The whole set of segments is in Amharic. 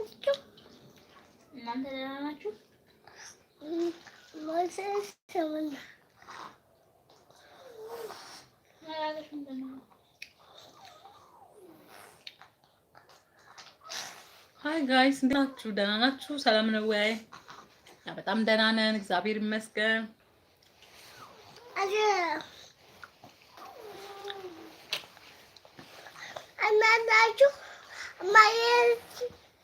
ናችሁ? እናንተ ደህና ናችሁ? ሀይ ጋይስ እንዴት ናችሁ? ደህና ናችሁ? ሰላም ነው ወይ? በጣም ደህና ነን፣ እግዚአብሔር ይመስገን። እናንተ ናችሁ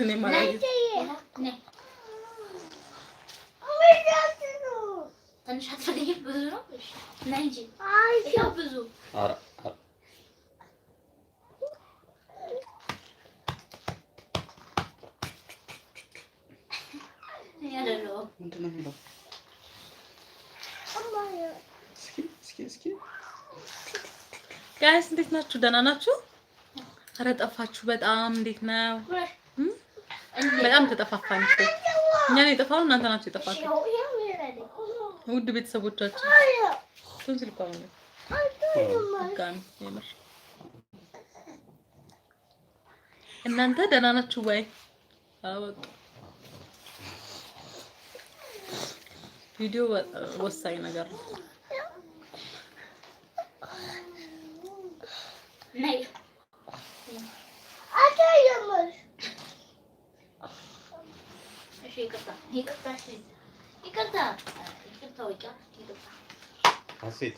ne merak et. Ne? Dann ich hatte dich besucht. Nein, Jin. Ich habe besucht. Ara, ara. Ja, hallo. Und dann hallo. Ski, ski, ski. Guys, dich nach Tudan Anachu? ኧረ ጠፋችሁ በጣም እንዴት ነው? በጣም ተጠፋፋን። እኛ ነው የጠፋው፣ እናንተ ናችሁ የጠፋችሁ። ውድ ቤተሰቦቻችን ቶንሲል እኮ ነው እናንተ ደህና ናችሁ ወይ? ቪዲዮ ወሳኝ ነገር ነው። ይቅርታ ይቅርታ ሀሴት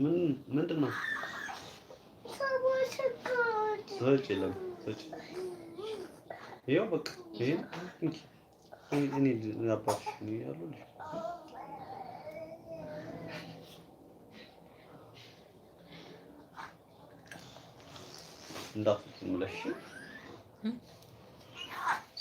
ምን ምንድን ነው? ሰዎች የለም ይኸው በቃ እኔ አባትሽ ያሉ እንዳትሉት ብለሽ